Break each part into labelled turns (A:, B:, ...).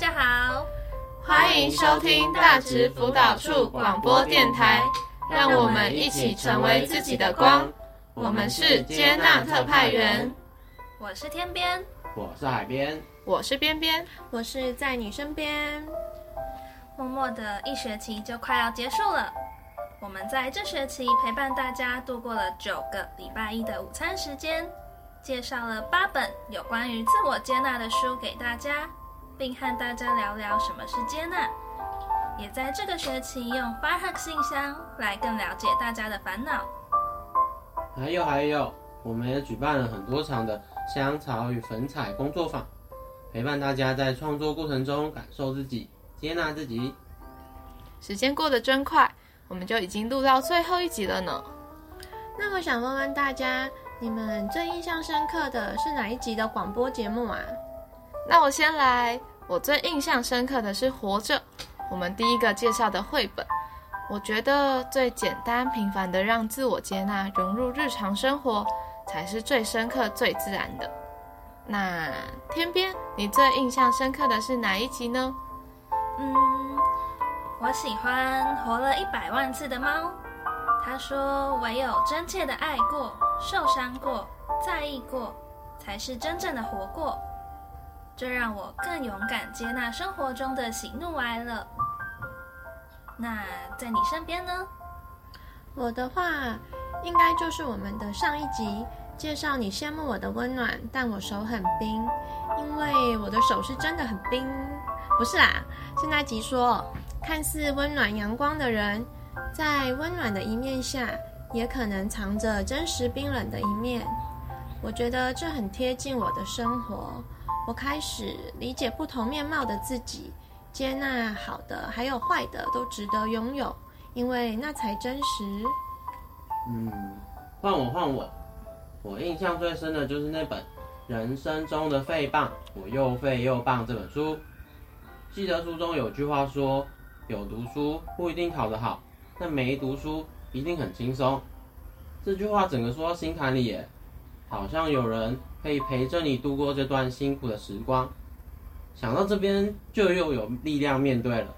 A: 大家好，歡迎收聽大直輔導處廣播電台。讓我們一起成為自己的光。
B: 我們是接納特派員，
A: 我是天邊，
B: 我是海邊，
A: 我是邊邊，我是在你身邊。默默的一學期就快要結束了，我們在這學期陪伴大家度過了九個禮拜一的午餐時間，介紹了八本有關於自我接納的書給大家，並和大家聊聊什麼是接納，也在這個學期用 Far Hug 信箱來更了解大家的煩惱。
B: 還有還有，我們也舉辦了很多場的香草與粉彩工作坊，陪伴大家在創作過程中感受自己、接納自己。
C: 時間過得真快，我們就已經錄到最後一集了呢。那麼想問問大家，你們最印象深刻的是哪一集的廣播節目啊？那我先來，我最印象深刻的是《活着》，我們第一個介紹的繪本。我覺得最簡單平凡的，讓自我接納融入日常生活，才是最深刻、最自然的。那天邊，你最印象深
A: 刻的是哪一集呢？嗯，我喜歡《活了一百萬次的貓》。他說：“唯有真切的愛過、受傷過、在意過，才是真正的活過。”這讓我更勇敢接納生活中的喜怒哀樂。那在你身邊呢？我的話，應該就是我們的
D: 上一集介紹：你羨慕我的溫暖，但我手很冰，因為我的手是真的很冰。不是啦，是那集說，看似溫暖陽光的人，在溫暖的一面下，也可能藏着真實冰冷的一面。我覺得這很貼近我的生活。我開始理解不同面貌的自己，接納好的，還有壞的，都值得擁有，因為那才真實。
B: 嗯，換我換我，我印象最深的就是那本《人生中的廢棒我又廢又棒》這本書。記得書中有句話說：“有讀書不一定考得好，但沒讀書一定很輕鬆。”這句話整個說到心坎裡耶。好像有人可以陪着你度過這段辛苦的時光，想到這邊就又有力量面對了。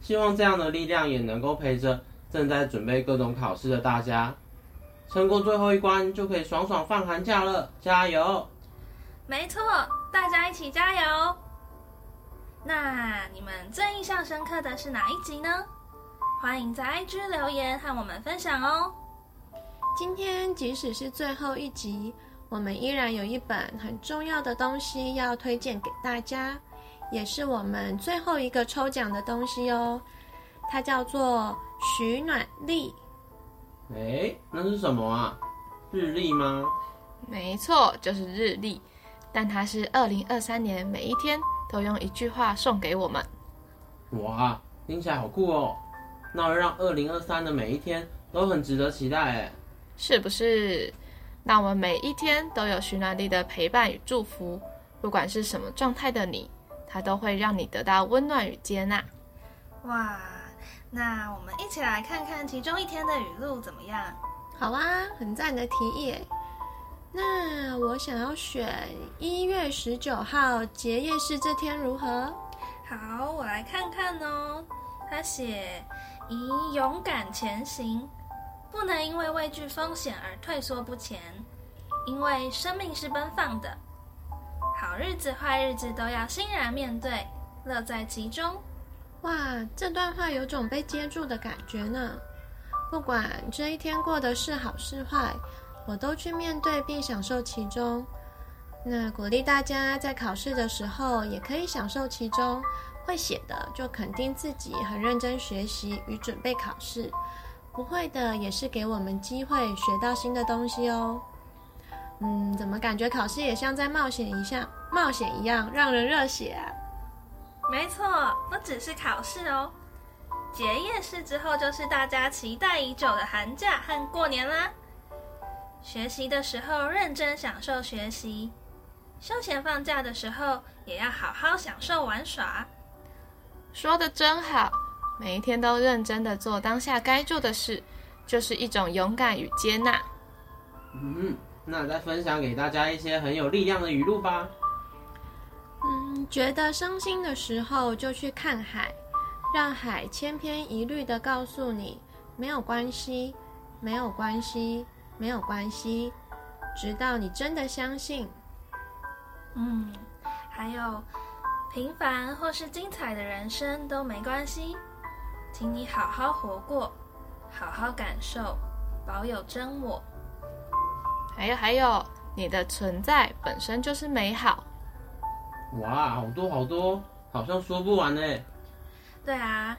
B: 希望這樣的力量也能夠陪着正在準備各種考試的大家，撐過最後一關就可以爽爽放寒假了！加油！
A: 沒錯，大家一起加油！那你們最印象深刻的是哪一集呢？歡迎在 IG 留言和我們分享哦。今天
D: 即使是最後一集，我們依然有一本很重要的東西要推薦給大家，也是我們最後一個抽獎的東西哦。
C: 它叫做許暖歷。
B: 哎、欸，那是什麼啊？日曆嗎？
C: 沒錯，就是日曆。但它是二零二三年每一天都用一句話送給我們。
B: 哇，聽起來好酷哦、喔！那讓二零二三的每一天都很值得期待哎、欸。是不是？
C: 那我們每一天都有徐暖力的陪伴與祝福，不管是什麼狀態的你，它都會讓你得到溫暖與接納。
A: 哇，那我們一起來看看其中一天的語錄怎麼樣？好啊，很讚
D: 的提議。誒，那我想要選一月十九號
A: 結業式這天如何？好，我來看看哦。他寫：宜勇敢前行。不能因為畏懼風險而退縮不前，因為生命是奔放的，好日子、壞日子都要欣然面對，樂在其中。哇，這段話有
D: 種被接住的感覺呢。不管這一天過得是好是壞，我都去面對並享受其中。那鼓勵大家在考試的時候也可以享受其中，會寫的就肯定自己很認真學習與準備考試。不會的，也是給我們機會學到新的東西哦。嗯，怎麼感覺考試也像在冒險一樣，冒險一樣讓人熱血啊？
A: 沒錯，不只是考試哦。結業式之後就是大家期待已久的寒假和過年啦。學習的時候認真享受學習，休閒放假的時候也要好好享受玩耍。
C: 說得真好。每一天都認真地做當下該做的事，就是一種勇敢與接納。嗯，
B: 那再分享給大家一些很有力量的語錄吧。
D: 嗯，覺得傷心的時候就去看海，讓海千篇一律地告訴你沒有關係，沒有關係，沒有關
A: 係，直到你真的相信。嗯，還有平凡或是精彩的人生都沒關係。請你好好活過，好好感受，保有真我。
C: 還有還有，你的存在本身就是美好。
B: 哇，好多好多，好像說不完哎。
A: 對啊，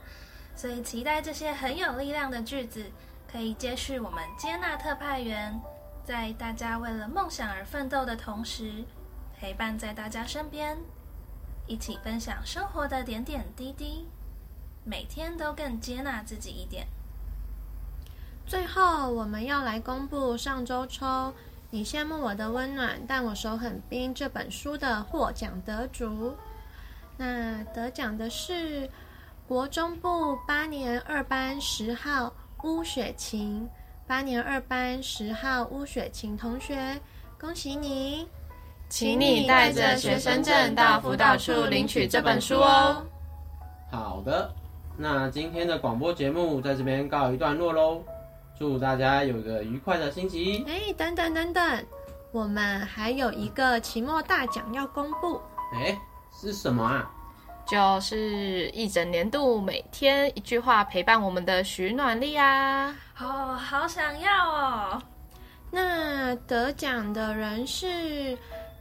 A: 所以期待這些很有力量的句子，可以接續我們接納特派員，在大家為了夢想而奮鬥的同時，陪伴在大家身邊，一起分享生活的點點滴滴。每天都更接納自己一點。最後，我們要來公布上
D: 周抽《你羨慕我的溫暖，但我手很冰》這本書的獲獎得主。那得獎的是國中部八年二班十號烏雪晴，八年二班十號烏雪晴同學，恭喜你！請你帶着學生證到輔導處領取這本書哦。
B: 好的。那今天的廣播節目在這邊告一段落嘍，祝大家有個愉快的星期。
D: 哎，等等等等，我們還有一個期末大獎要公布。
B: 哎，是什麼啊？
C: 就是一整年度每天一句話陪伴我們的許暖麗啊！
A: 哦，oh, 好想要哦！
D: 那得獎的人是。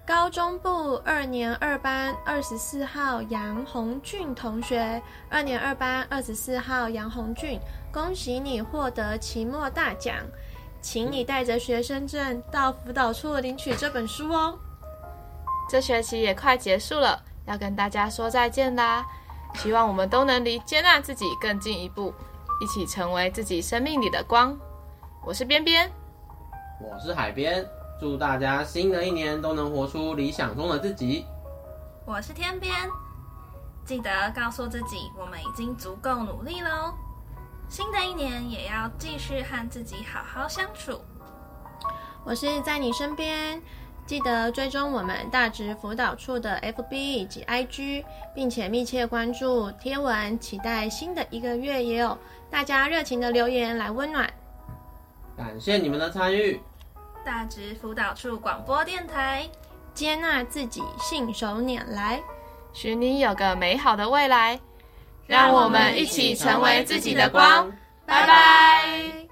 D: 高中部二年二班二十四號楊紅俊同學，二年二班二十四號楊紅俊，恭喜你獲得期末大獎，請你帶着學生
C: 證到輔導處領取這本書哦。這學期也快結束了，要跟大家說再見啦，希望我們都能離接納自己更近一步，一起成為自己生命裡的光。我是邊邊，
B: 我是海邊。祝大家新的一年都能活出理想中的自己。
A: 我是天邊，記得告訴自己，我們已經足夠努力嘍。新的一年也要繼續和自己好好相處。
D: 我是在你身邊，記得追蹤我們大直輔導處的 FB 以及 IG，並且密切關注貼文，期待新的一個月也有大家熱情的留言來溫暖。
B: 感謝你們的參與。
A: 大直輔導處廣播
D: 電台，接納自己，信手拈
C: 來，許你有個美好的未來，
A: 讓我們一起成為自己的光，嗯、拜拜。拜拜。